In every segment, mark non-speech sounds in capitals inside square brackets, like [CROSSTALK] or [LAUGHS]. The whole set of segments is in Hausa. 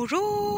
不如。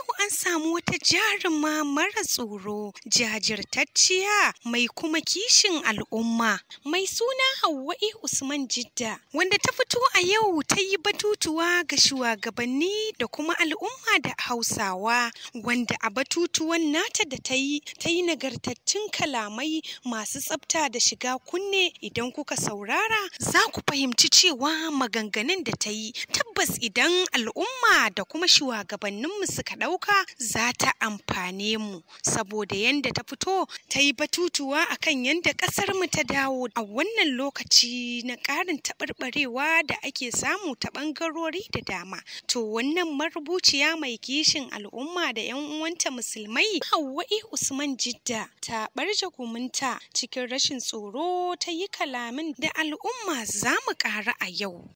yau an samu wata jaruma mara tsoro, jajirtacciya mai kuma kishin al'umma. Mai suna Hauwa'i Usman Jidda, wanda ta fito a yau ta yi batutuwa ga shugabanni da kuma al'umma da Hausawa, wanda a batutuwan nata da ta yi ta yi nagartattun kalamai masu tsabta da shiga kunne idan kuka saurara za ku fahimci cewa maganganun da ta yi tabbas idan al'umma da kuma shugabanninmu suka ɗau ɗauka za ta amfane mu saboda yadda ta fito ta yi batutuwa akan yadda ƙasar mu ta dawo a wannan lokaci na ƙarin taɓarɓarewa da ake samu ta ɓangarori da dama to wannan marubuciya mai kishin al'umma da 'yan uwanta musulmai Hauwa'i Usman Jidda ta ɓarje gumunta cikin rashin tsoro ta yi kalamin da al'umma za mu ƙara a yau.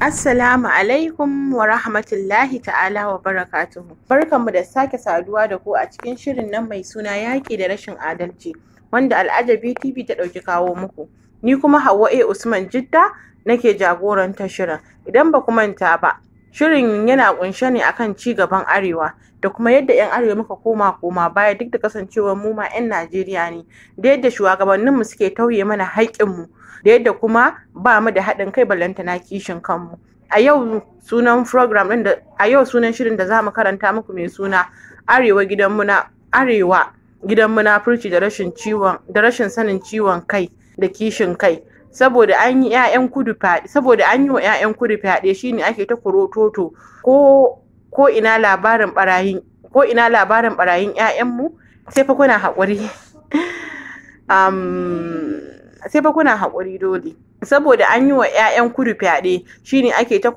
Assalamu alaikum wa rahmatullahi ta'ala wa barakatuhu. Barkanmu da sake saduwa da ku a cikin shirin nan mai suna yaƙi da rashin adalci wanda Al'ajabi TV ta ɗauki kawo muku. Ni kuma Hauwa A. Usman Jidda nake jagorantar shirin. Idan ba ku manta ba, Shirin yana kunshe ne akan ci gaban Arewa da kuma yadda 'yan Arewa muka koma koma baya duk da kasancewar mu ma 'yan Najeriya ne, da yadda shugabanninmu suke tauye mana haƙƙinmu, da yadda kuma ba mu da haɗin kai na kishin kanmu. A yau sunan program ɗin da a yau sunan shirin da za mu karanta muku mai suna Arewa gidan na Arewa gidan munafurci da rashin ciwon da rashin sanin ciwon kai da kishin kai. saboda an yi 'ya'yan kudu fyaɗe saboda an yi wa 'ya'yan kudu fyaɗe shine ake ta kurototo ko ko ina labarin barayin ko ina labarin 'ya'yanmu kuna haƙuri [LAUGHS] sai fa kuna haƙuri dole saboda an yi wa 'ya'yan kudu fyaɗe shine ake ta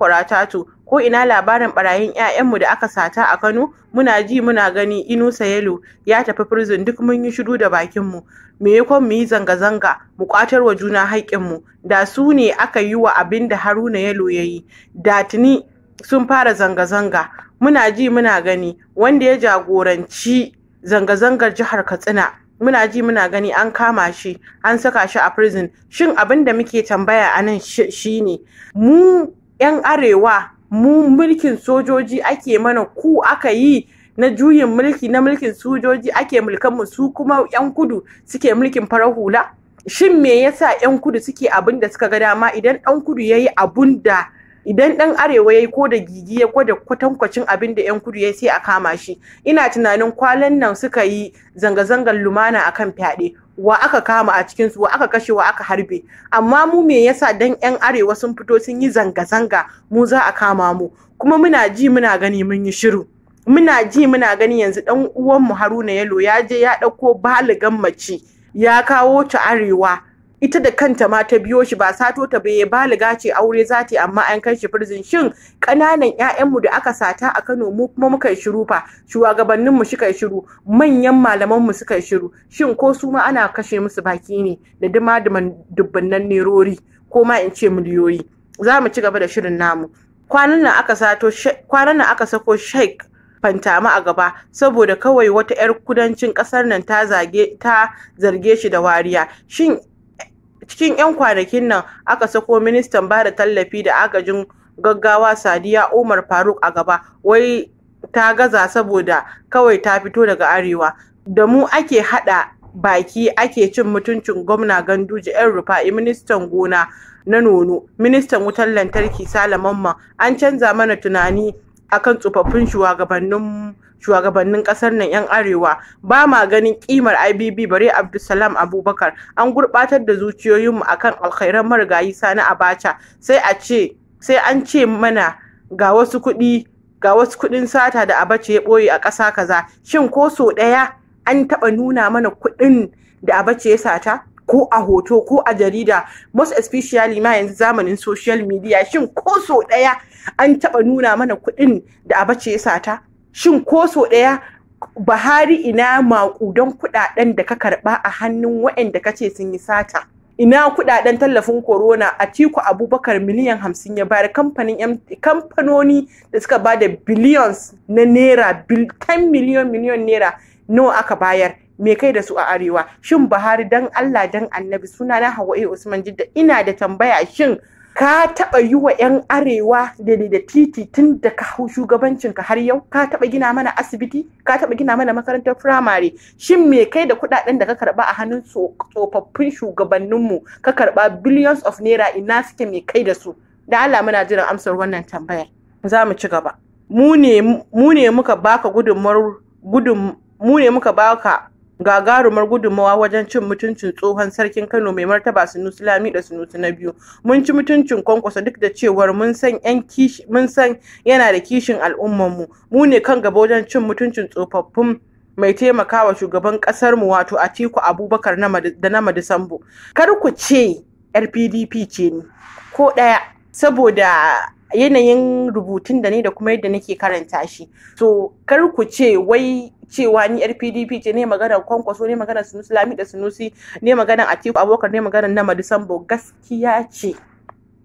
tu. ko ina labarin barayin 'ya'yanmu da aka sata a Kano muna ji muna gani Inusa Yelo ya tafi prison duk mun yi shiru da bakinmu me yakon mu yi zanga-zanga mu kwatar wa juna haƙƙinmu da su ne aka yi wa abin da Haruna Yelo ya yi da tuni sun fara zanga-zanga muna ji muna gani wanda ya jagoranci zanga-zangar jihar Katsina muna ji muna gani an kama shi an saka shi a prison shin abin da muke tambaya a nan shine mu 'yan arewa mu mulkin sojoji ake mana ku aka yi na juyin mulki na mulkin sojoji ake mulkan su kuma 'yan kudu suke mulkin farar hula shin me yasa 'yan kudu suke abin da suka ga dama idan 'yan kudu ya yi abun da idan dan arewa yayi ko da gigi ya gwada kwatankwacin abin da yan kudu ya sai a kama shi ina tunanin kwalan nan suka yi zanga-zangar lumana akan fyaɗe wa aka kama a cikinsu, su wa aka kashe wa aka harbe amma mu me yasa dan yan arewa sun fito sun yi zanga-zanga mu za a kama mu kuma muna ji muna gani mun yi shiru muna ji muna gani yanzu dan uwanmu Haruna Yalo ya je ya ɗauko baligan mace ya kawo ta arewa ita da kanta ma ta biyo shi ba sato ta bai baliga ce aure za ta amma an kai shi firzin shin kananan 'ya'yanmu da aka sata a Kano mu kuma muka shiru fa shugabannin mu suka shiru manyan malaman mu suka shiru shin ko su ma ana kashe musu baki ne da dama duman dubbannan nerori ko ma in ce miliyoyi za mu ci gaba da shirin namu kwanan nan aka sato kwanan nan aka sako Sheikh fantama a gaba saboda kawai wata 'yar kudancin ƙasar nan ta ta zarge shi da wariya shin Cikin 'yan kwanakin nan aka sako ministan ba da tallafi da agajin gaggawa Sadiya Umar Faruk a gaba wai ta gaza saboda kawai ta fito daga arewa. Da mu ake haɗa baki ake cin mutuncin gwamna ganduje 'yan rufa'i ministan gona na nono ministan wutar lantarki salamanma an canza mana tunani akan tsofaffin shugabannin shugabannin kasar nan 'yan arewa ba ma ganin kimar ibb bare abdulsalam abubakar an gurbatar da zuciyoyinmu akan alkhairan marigayi sani abacha sai a ce sai an ce mana ga wasu kuɗi ga wasu kuɗin sata da abace ya ɓoye a ƙasa kaza shin ko so ɗaya an taɓa nuna mana kuɗin da abace ya sata ko a hoto ko a jarida most especially ma yanzu zamanin social media shin ko so ɗaya an taɓa nuna mana kuɗin da abace ya sata shin ko so ɗaya Buhari ina maƙudan kuɗaɗen da ka karɓa a hannun waɗanda ka ce sun yi sata. Ina kuɗaɗen tallafin corona a tiku abubakar miliyan hamsin ya bayar kamfanin kamfanoni da suka ba da billions na naira 10 miliyon miliyon naira nawa aka bayar me kai da su a arewa shin buhari dan allah dan annabi suna na usman jidda ina da tambaya shin ka taɓa yi wa 'yan arewa da da titi tun da ka hau shugabancinka har yau ka taɓa gina mana asibiti ka taɓa gina mana makarantar firamare shin me kai da kuɗaɗen da ka karɓa a hannun tsofaffin shugabanninmu ka karɓa billions of naira ina suke me kai da su da Allah muna jiran amsar wannan tambayar za mu ci gaba mu ne muka baka gudunmuwar gudun mu ne muka baka gagarumar gudunmawa wajen cin mutuncin tsohon sarkin Kano mai martaba Sunusi Lami da Sunusi na biyu. Mun ci mutuncin kwankwasa duk da cewar mun san mun san yana da kishin al'ummarmu. Mu Mu ne kan gaba wajen cin mutuncin tsofaffin mai taimakawa shugaban kasar mu wato Atiku Abubakar da na Madisambo. Kar ku ce RPDP ce ni ko ɗaya saboda yanayin rubutun da ni da kuma yadda nake karanta shi to kar ku ce wai cewa ni yar pdp ce ne maganar kwankwaso ne maganar sunusi lami da sunusi ne maganar atiku abokan ne maganar nama madisambo gaskiya ce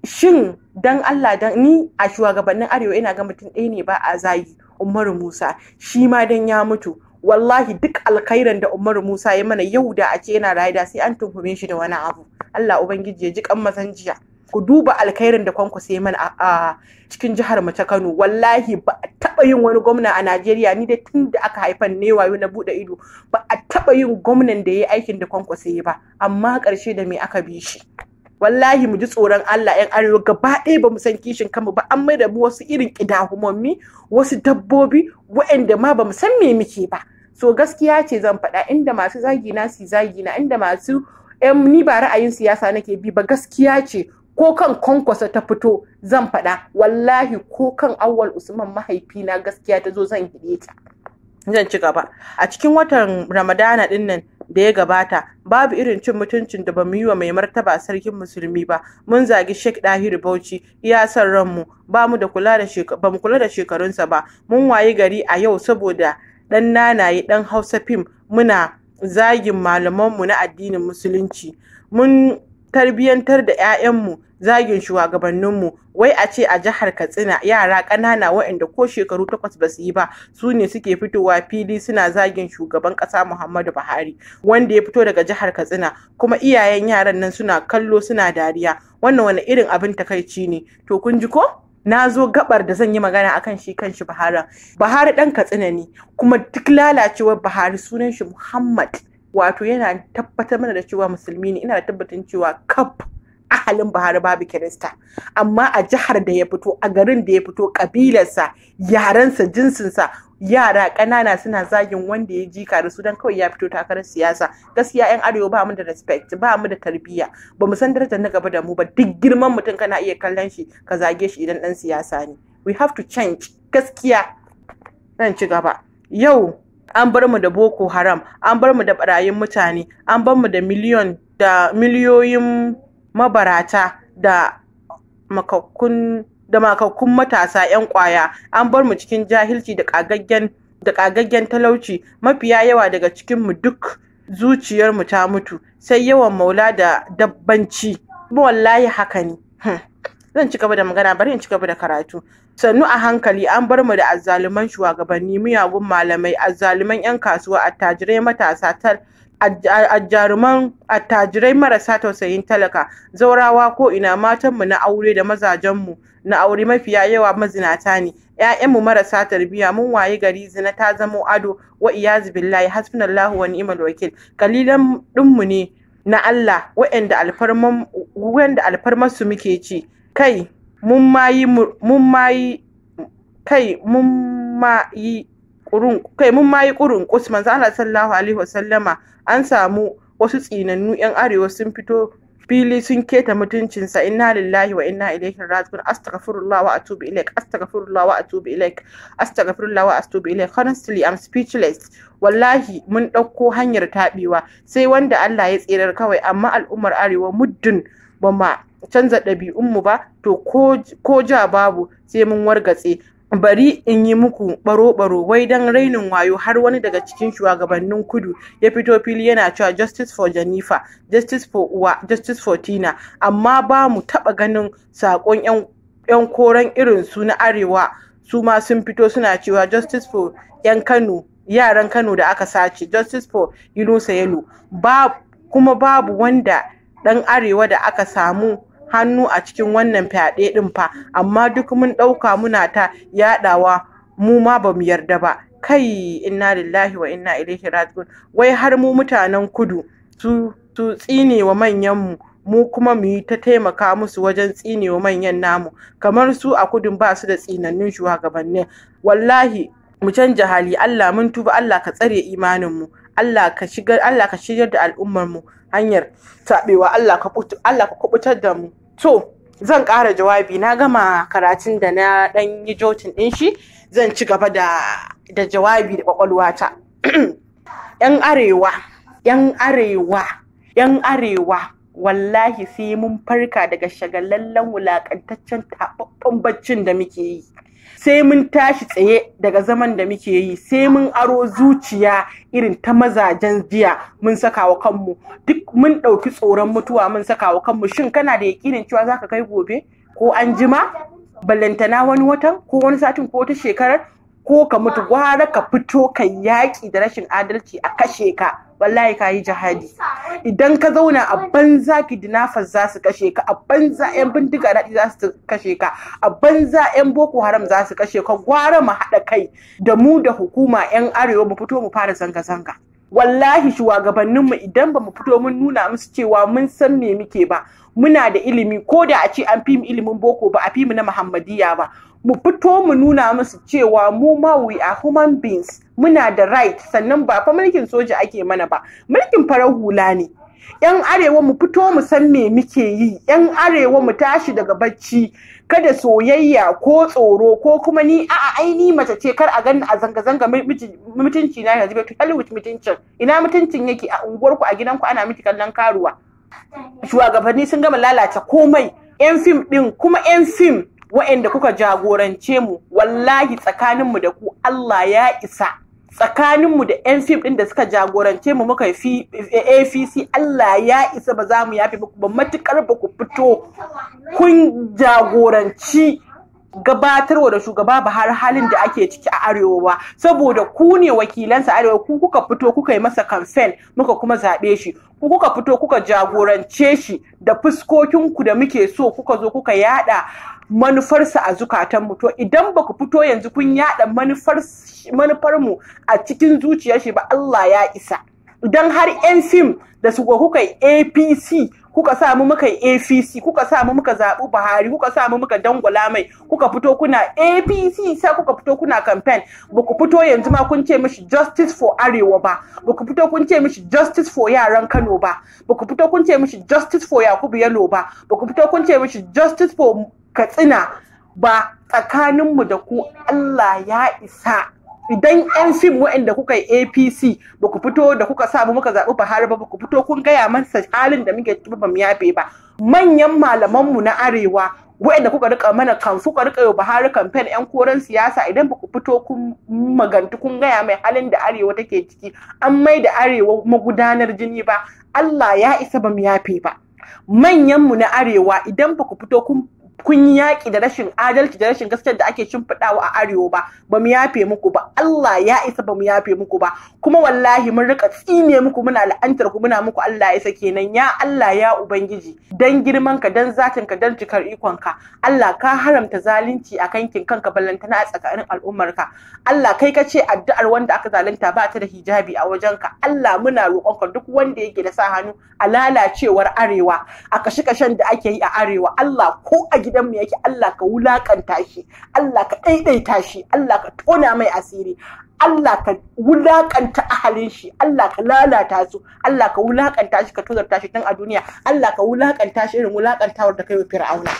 shin dan allah dan ni a shugabannin arewa ina ga mutum ɗaya ne ba a zagi umaru musa shi ma dan ya mutu wallahi duk alkhairan da umaru musa ya mana yau da a ce yana rayu da sai an tuhume shi da wani abu allah ubangiji ya ji kan masanjiya ku duba alkhairin da sai mana a cikin jihar mu ta Kano wallahi ba a taba yin wani gwamna a Najeriya ni da tun da aka haifan ne wayo na bude ido ba a taba yin gwamnan da yayi aikin da sai ba amma karshe da me aka bi shi wallahi mu ji tsoron Allah yan arewa gaba ɗaya ba mu san kishin kanmu ba an mai da mu wasu irin kidahumomi wasu dabbobi waɗanda ma ba mu san me muke ba so gaskiya ce zan faɗa inda masu zagi na su zagi na inda masu ni ba ra'ayin siyasa nake bi ba gaskiya ce ko kan kwankwasa ta fito zan faɗa wallahi ko kan awwal usman mahaifina gaskiya ta zo zan hide ta zan ci gaba a cikin watan ramadana din nan da ya gabata babu irin cin mutuncin da ba mu yi wa mai martaba sarkin musulmi ba mun zagi Sheikh Dahiru Bauchi ya san ranmu ba mu da kula da ba mu kula da shekarunsa ba mun wayi gari a yau saboda dan nanaye dan Hausa film muna zagin malamanmu na addinin musulunci mun tarbiyantar da 'ya'yanmu zagin shugabanninmu wai a ce a jihar katsina yara ƙanana waɗanda ko shekaru takwas ba su yi ba su ne suke fitowa fili suna zagin shugaban ƙasa muhammadu buhari wanda ya fito daga jihar katsina kuma iyayen yaran nan suna kallo suna dariya wannan wani irin abin takaici ne to kun ji ko na zo gabar da zan yi magana akan shi kan shi buhari buhari ɗan katsina ne kuma duk lalacewar buhari sunan shi muhammad wato yana tabbatar mana da cewa musulmi ne ina da tabbatar cewa kaf ahalin Buhari babu Kirista amma a jihar da ya fito a garin da ya fito kabilarsa yarensa jinsinsa yara ƙanana suna zagin wanda ya jika da su don kawai ya fito takarar siyasa gaskiya yan arewa ba mu da respect ba mu da tarbiyya ba mu san darajar na gaba da mu ba duk girman mutum kana iya kallon shi ka zage shi idan dan siyasa ne we have to change gaskiya zan ci gaba yau an bar mu da boko haram an bar mu da barayin mutane an bar mu da miliyon da miliyoyin mabarata da makakkun da makakkun matasa 'yan kwaya an bar mu cikin jahilci da kagaggen da kagaggen talauci mafiya yawa daga cikin mu duk zuciyar mu ta mutu sai yawan maula da dabbanci wallahi haka ne hmm. zan ci gaba da magana bari in ci gaba da karatu sannu a hankali an bar mu da azzaluman shugabanni miyagun malamai azzaluman 'yan kasuwa attajirai matasa ajaruman attajirai marasa tausayin talaka zaurawa ko ina matan mu na aure da mazajen mu na aure mafiya yawa mazinata ne ‘ya'yanmu marasa tarbiya mun waye gari zina ta zama ado wa iyazu billahi hasbunallahu wa ni'mal wakil kalilan dinmu ne na Allah wa'anda alfarman su muke ci kai Mun ma yi ƙurunƙus, Manzon Allah Sallallahu Alaihi Wasallama, an samu wasu tsinannu 'yan arewa sun fito fili sun keta mutuncinsa inna lillahi wa inna ilaihi raji'un astaghfirullah wa atubu ilaik astaghfirullah wa atubu ilaik astaghfirullah wa atubu ilaik honestly i'm speechless wallahi mun ɗauko hanyar taɓewa sai wanda Allah ya tsirar kawai amma al'ummar arewa muddin ba ma canza ɗabi'unmu ba to ko ja babu sai mun wargatse bari in yi muku baro-baro wai don rainin wayo har wani daga cikin shugabannin kudu ya fito fili yana cewa justice for janifa justice for uwa justice for tina amma ba mu taba ganin sakon yan koren irin su na arewa su ma sun fito suna cewa justice for yan kano yaran kano da aka sace justice for yunusa yalo kuma babu wanda ɗan arewa da aka samu hannu a cikin wannan fyaɗe ɗin fa amma duk mun ɗauka muna ta yaɗawa mu ma ba mu yarda ba kai inna lillahi wa inna ilaihi raji'un wai har mu mutanen kudu su su tsine wa manyanmu mu kuma mu yi ta taimaka musu wajen tsine wa manyan namu kamar su a Kudu ba su da tsinannun shugabanni. wallahi mu canja hali Allah mun tuba Allah ka tsare imaninmu Allah ka shigar Allah ka shigar da al'ummar mu hanyar taɓewa. Allah ka Allah ka kubutar da mu to zan ƙara jawabi na gama karatun da na ɗan yi jotin ɗin shi zan ci gaba da jawabi da ƙwaƙwalwata [CLEARS THROAT] yan arewa yan arewa yan arewa wallahi sai mun farka daga shagalallen wulaƙantaccen taɓaɓɓen baccin da muke yi sai mun tashi tsaye daga zaman da muke yi sai mun aro zuciya irin ta mazajen jiya mun saka wa kanmu duk mun ɗauki tsoron mutuwa mun saka wa kanmu shin kana da yakinin cewa zaka kai gobe ko an jima ballantana wani watan ko wani satin ko wata shekarar ko ka mutu gwara ka fito ka yaƙi da rashin adalci a kashe ka wallahi kayi jihadi idan ka zauna a banza kidnappers za su kashe ka a banza yan bindiga da za su kashe ka a banza yan boko haram za su kashe ka gwara mu haɗa kai da mu da hukuma yan arewa mu fito mu fara zanga-zanga wallahi mu idan ba mu fito mun nuna musu cewa mun san me muke ba muna da ilimi ko da a ce an fi mu ilimin boko ba a fi mu na muhammadiya ba mu fito mu nuna musu cewa mu ma we are human beings muna da right sannan ba fa mulkin soja ake mana ba mulkin farar hula ne yan arewa mu fito mu san me muke yi yan arewa mu tashi daga bacci kada soyayya ko tsoro ko kuma ni a'a ai ni mace ce kar a gani a zanga zanga mutunci na yanzu bai tutali mutuncin ina mutuncin yake a unguwarku a gidan ku? ana miki kallon karuwa shugabanni sun gama lalata komai yan fim din kuma yan fim wa'anda kuka jagorance mu wallahi tsakaninmu da ku Allah ya isa tsakaninmu da 'yan fim ɗin da suka jagorance mu muka fi eh, APC Allah ya isa ba za mu yafe muku ba matukar ba ku fito kun jagoranci gabatarwa da shugaba ba har halin da ake ciki a Arewa ba saboda ku ne wakilansa Arewa ku kuka fito kuka yi masa kamfen muka kuma zaɓe shi ku kuka fito kuka jagorance shi da fuskokinku da muke so kuka zo kuka yaɗa? manufarsa a zukatanmu to idan ba ku fito yanzu kun yada manufarmu a cikin zuciyar shi ba Allah ya isa idan har 'yan fim da su kuka apc kuka samu mu muka APC kuka sa mu muka zaɓi Buhari kuka sa mu muka dangwala mai kuka fito kuna APC sai kuka fito kuna campaign ba fito yanzu ma kun ce mishi justice for Arewa ba ba fito kun ce mishi justice for yaran Kano ba ba fito kun ce mishi justice for Yakubu Yalo ba ba fito kun ce mishi justice for Katsina ba tsakaninmu da ku Allah ya isa idan yan fim waɗanda kuka yi apc ba ku fito da kuka sa muka zaɓi buhari ba ba ku fito kun gaya masa halin da muke ciki ba mu yafe ba manyan malamanmu na arewa waɗanda kuka rika mana kan suka rika yau buhari kamfen yan koren siyasa idan ba ku fito kun magantu kun gaya mai halin da arewa take ciki an mai da arewa magudanar jini ba allah ya isa ba mu yafe ba manyanmu na arewa idan ba ku fito kun kun yi yaƙi da rashin adalci da rashin gaskiyar da ake shimfiɗawa a arewa ba ba mu yafe muku ba Allah ya isa ba mu yafe muku ba kuma wallahi mun rika tsine muku muna la'antar ku muna muku Allah ya isa kenan ya Allah ya ubangiji dan girman ka dan zatin ka dan cikar ikon ka Allah ka haramta zalunci a kankin kanka ballantana a tsakanin al'ummar ka Allah kai ka ce addu'ar wanda aka zalunta ba ta da hijabi a wajen ka Allah muna roƙon ka duk wanda yake da sa hannu a lalacewar arewa a kashe-kashen da ake yi a arewa Allah ko a gida. mu yake Allah ka wulakanta shi Allah ka ɗaiɗaita shi Allah ka tona mai asiri Allah ka wulakanta ahalin shi Allah ka lalata su Allah ka wulakanta shi ka tozarta shi tun a duniya Allah ka wulakanta shi irin wulakantawar da kai wa fir'auna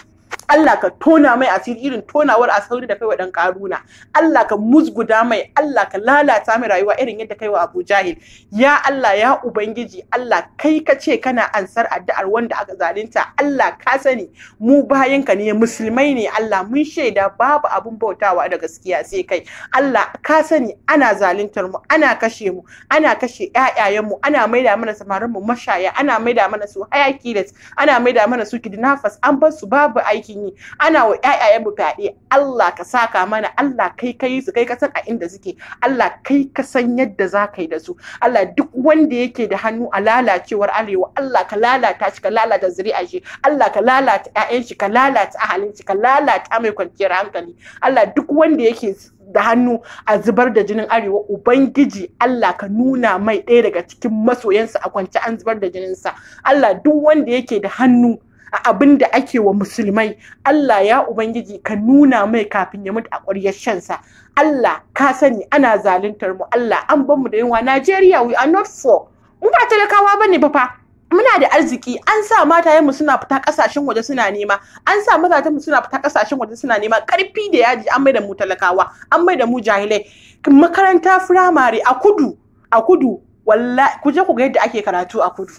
Allah ka tona mai asiri irin tonawar asiri da kai dan karuna Allah ka musguda mai Allah ka lalata mai rayuwa irin yadda kai wa Abu Jahil ya Allah ya ubangiji Allah kai ka ce kana ansar addu'ar wanda aka zalunta Allah ka sani mu bayanka ne musulmai ne Allah mun shaida babu abun bautawa da gaskiya sai kai Allah ka sani ana zaluntar mu ana kashe mu ana kashe ƴaƴayen mu ana maida mana samarin mu mashaya ana maida mana su hayaki da ana maida mana su kidnappers an bar su babu aikin addini ana wa ƴaƴayenmu fyaɗe Allah ka saka mana Allah kai kai su kai ka san a inda suke Allah kai ka san yadda za ka yi da su Allah duk wanda yake da hannu a lalacewar arewa Allah ka lalata shi ka lalata zuri'a shi Allah ka lalata ƴaƴan shi ka lalata ahalin shi ka lalata mai kwanciyar hankali Allah duk wanda yake da hannu a zubar da jinin arewa ubangiji Allah ka nuna mai ɗaya daga cikin masoyansa a kwance an zubar da jininsa Allah duk wanda yake da hannu a abin da ake wa musulmai Allah ya ubangiji ka nuna mai kafin ya mutu a ƙwaryar shansa Allah ka sani ana zaluntar mu Allah an ban mu da yunwa Najeriya we are not for mu ba talakawa bane ba fa muna da arziki an sa matayenmu suna fita kasashen waje suna nema an sa mu suna fita kasashen waje suna nema karfi da yaji an mai da mu talakawa an mai da mu jahilai makaranta firamare a kudu a kudu wallahi ku je ku ga yadda ake karatu a kudu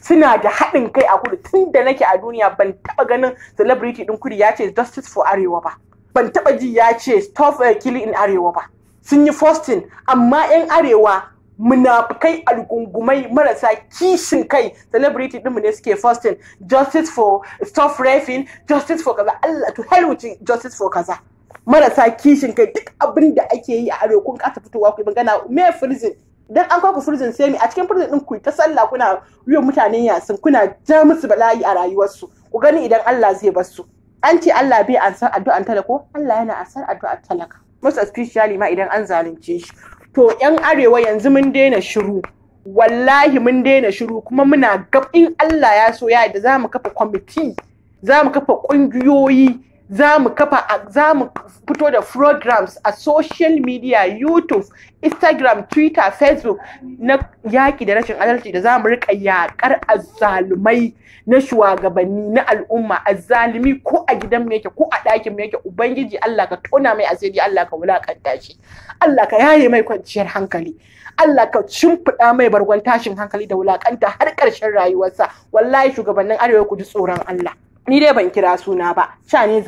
suna da haɗin kai a kudu tun da nake a duniya ban taɓa ganin celebrity ɗin kudu ya ce justice for arewa ba ban taɓa ji ya ce stop uh, killing in arewa ba sun yi fostin amma 'yan arewa munafukai algungumai marasa kishin kai celebrity ɗinmu ne suke fostin justice for stop raping justice for kaza Allah to hell with justice for kaza marasa kishin kai duk abin da ake yi a arewa kun kasa fitowa ku magana me prison dan an kawo ku sai sai a cikin furjin din ku ta sallah kuna yiwa mutane yasin kuna ja musu bala'i a rayuwarsu ku gani idan Allah zai bar su an ce Allah bai san addu'an talako Allah yana ansar addu'ar talaka most especially ma idan an zalunce shi to yan arewa yanzu mun daina shiru wallahi mun daina shiru kuma muna gab in Allah ya so ya da za mu kafa kwamiti za mu kafa ƙungiyoyi za mu kafa za mu fito da programs a social media youtube instagram twitter facebook na yaƙi da rashin adalci da za mu rika yaƙar azalumai na shugabanni na al'umma azalumi, ko a gidan mu yake ko a ɗakin mu yake ubangiji allah ka tona mai asiri allah ka wulakanta shi allah ka yaye mai kwanciyar hankali allah ka shimfiɗa mai bargon tashin hankali da wulakanta har ƙarshen rayuwarsa wallahi shugabannin arewa ku ji tsoron allah ni dai ban kira suna ba sha ne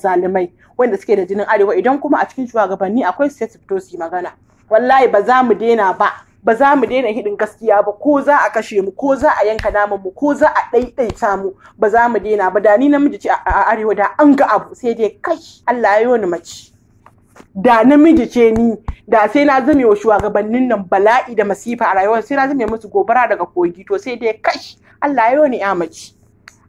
zalimai wanda suke da jinin arewa idan kuma a cikin shugabanni akwai state su fito su magana wallahi ba za mu daina ba ba za mu daina hidin gaskiya ba ko za a kashe mu ko za a yanka naman mu ko za a ɗaiɗaita mu ba za mu daina ba da ni namiji ce a arewa da an ga abu sai dai kai Allah ya yi wani mace da namiji ce ni da sai na zame wa shugabannin nan bala'i da masifa a rayuwa. sai na zame musu gobara daga kogi to sai dai kai Allah ya yi wani ya mace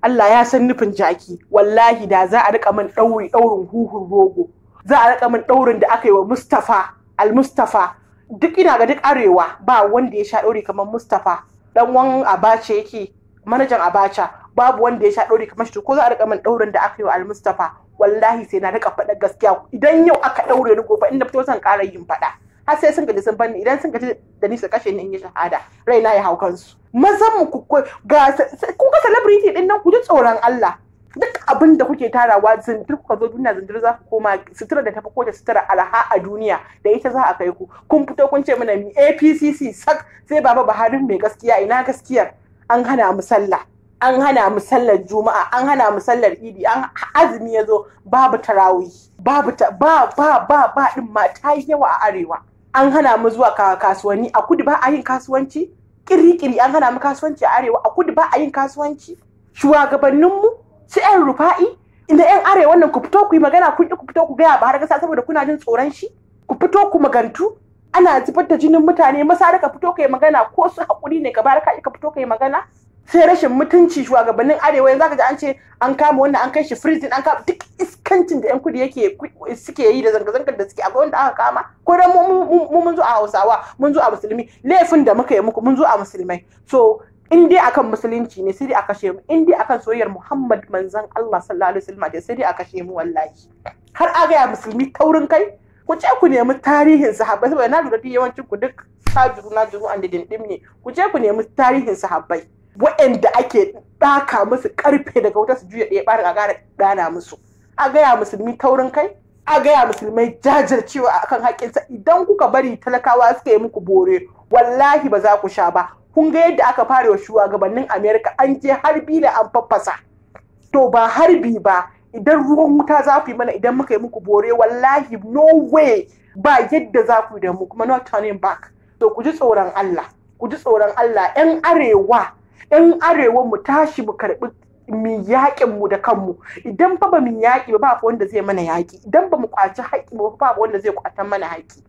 Allah ya san nufin jaki wallahi da za a rika min ɗauri ɗaurin huhun rogo za a rika min ɗaurin da aka yi wa Mustafa al-Mustafa duk ina ga duk arewa ba wanda ya sha ɗauri kamar Mustafa dan wan Abacha yake manajan Abacha babu wanda ya sha ɗauri kamar shi ko za a rika min ɗaurin da aka yi wa al-Mustafa wallahi sai na rika faɗa gaskiya idan yau aka ɗaure ni gobe in na fito zan ƙara yin faɗa har sai sun gaji sun banni idan sun gaji da ni su kashe ni in yi shahada raina ya hau kansu mazan mu ku ga ku ga celebrity din nan ku ji tsoron Allah duk abin da kuke tarawa zindir kuka zo duniya zindir za ku koma sutura da tafi ko da sutura alha a duniya da ita za a kai ku kun fito kun ce mana APCC sak sai baba Buhari mai gaskiya ina gaskiyar an hana mu sallah an hana mu sallar juma'a an hana mu sallar idi an azumi ya zo babu tarawih babu ba ba ba ba din ma ta yawa a arewa an hana mu zuwa kasuwanni a kudu ba a yin kasuwanci kirikiri an hana mu kasuwanci a arewa a kudu ba a yin kasuwanci shugabanninmu su 'yan rufa'i inda 'yan arewa nan ku fito ku yi magana kun ku fito ku gaya ba har gasa, saboda kuna jin tsoron shi ku fito ku magantu ana zubar da jinin mutane masa ka fito ka yi magana ko su haƙuri ne ka bar ka fito ka yi magana sai rashin mutunci shugabannin arewa yanzu aka ji an ce an kama wannan an kai shi prison an kama duk iskancin da yan kudi yake suke yi da zanga-zangar da suke akwai wanda aka kama ko dan mu mun zo a Hausawa mun zo a musulmi laifin da muka yi muku mun zo a musulmai so in dai akan musulunci ne sai dai a kashe mu in dai akan soyayyar Muhammad manzon Allah sallallahu alaihi wasallam sai dai a kashe mu wallahi har a ya musulmi taurin kai ku ce ku nemi tarihin sahabbai saboda na lura yawancin ku duk sajuru na juru an da dindim ne ku ce ku nemi tarihin sahabbai waɗanda ake ɗaka musu ƙarfe daga wata su juya ɗaya ɓarin a gara ɗana musu a gaya musulmi taurin kai a gaya musulmai jajircewa a kan haƙƙinsa idan kuka bari talakawa suka yi muku bore wallahi ba za ku sha ba kun ga yadda aka fara wa shugabannin amerika an je harbi da an faffasa to ba harbi ba idan ruwan wuta za ku yi mana idan muka yi muku bore wallahi no way ba yadda za ku yi da mu kuma no turning back to ku ji tsoron allah ku ji tsoron allah yan arewa 'yan arewa mu tashi mu karɓi mu yaƙin mu da kanmu idan fa ba mu yaƙi ba ba wanda zai mana yaƙi idan ba mu kwaci haƙi ba ba wanda zai kwatan mana haƙi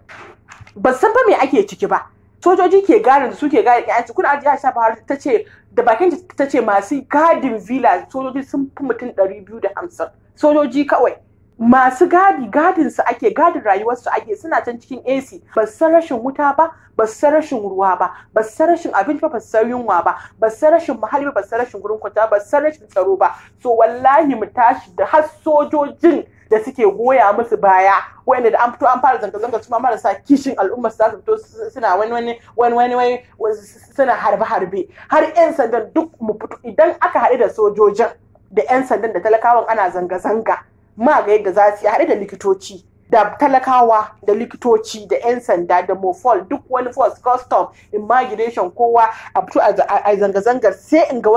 ba san ba me ake ciki ba sojoji ke garin su ke garin ƴaƴansu kuna ya shafa har ta ce da bakin ta ce masu gadin villa sojoji sun fi mutum ɗari biyu da hamsin sojoji kawai masu gadi gadin su ake gadin rayuwar su ake suna can cikin AC ba san rashin wuta ba ba san rashin ruwa ba ba san rashin abinci ba ba san yunwa ba ba san rashin muhalli ba ba san rashin gurin kwata ba san rashin tsaro ba so wallahi mu tashi da har sojojin da suke goya musu baya wanda da an fito an fara zanga-zanga su ma marasa kishin al'umma su zasu fito suna wani wani wani wani suna harbe-harbe har 'yan sandan duk mu fito idan aka haɗu da sojojin da 'yan sandan da talakawan ana zanga-zanga ma ga yadda za su haɗu da likitoci da talakawa da likitoci da 'yan sanda da mofol duk wani force custom immigration kowa a fito a zanga-zangar sai in ga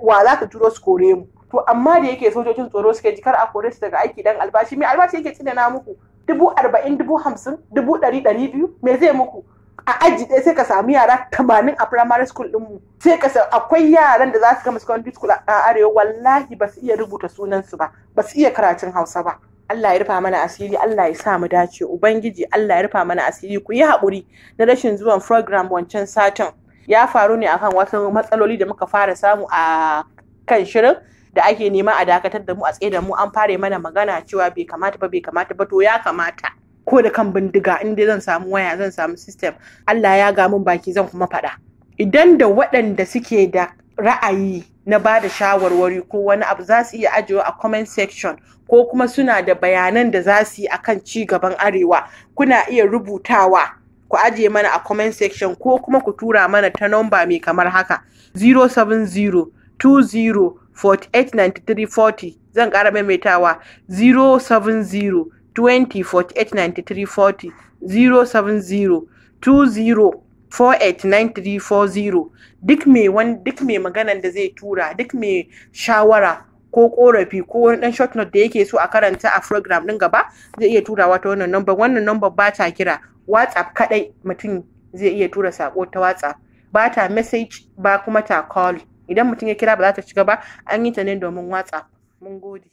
wa za ka turo su kore mu to amma da yake sojojin tsoro suke jikar a kore su daga aiki dan albashi me albashi yake tsinana muku dubu arba'in dubu hamsin dubu ɗari ɗari biyu me zai muku a aji ɗaya sai ka samu yara tamanin a primary school mu sai ka akwai yaran da za su gama secondary school a arewa wallahi ba su iya rubuta sunansu ba ba su iya karatun hausa ba Allah ya rufa mana asiri Allah ya sa mu dace ubangiji Allah ya rufa mana asiri ku yi haƙuri na rashin zuwan program wancan satin ya faru ne akan wasu matsaloli da muka fara samu a kan shirin da ake nema a dakatar da mu a tsaye da mu an fara mana magana cewa bai kamata ba bai kamata ba to ya kamata ko da kan bindiga in dai zan samu waya zan samu system Allah ya ga min baki zan kuma faɗa idan da waɗanda suke da ra'ayi na ba da shawarwari ko wani abu za su iya ajiyewa a comment section ko kuma suna da bayanan da za su yi akan ci gaban arewa kuna iya rubutawa ku ajiye mana a comment section ko kuma ku tura mana ta nomba mai kamar haka 070 zan ƙara maimaitawa 070 zero 48 duk mai duk mai maganan da zai tura duk mai shawara ko korafi ko wani dan short note da yake so a karanta a program din gaba zai iya tura wata wannan number wannan number ba ta kira whatsapp kadai mutum zai iya tura sako ta whatsapp ba ta message ba kuma ta call idan mutum ya kira ba za ta shiga ba an yi ta ne domin whatsapp mun gode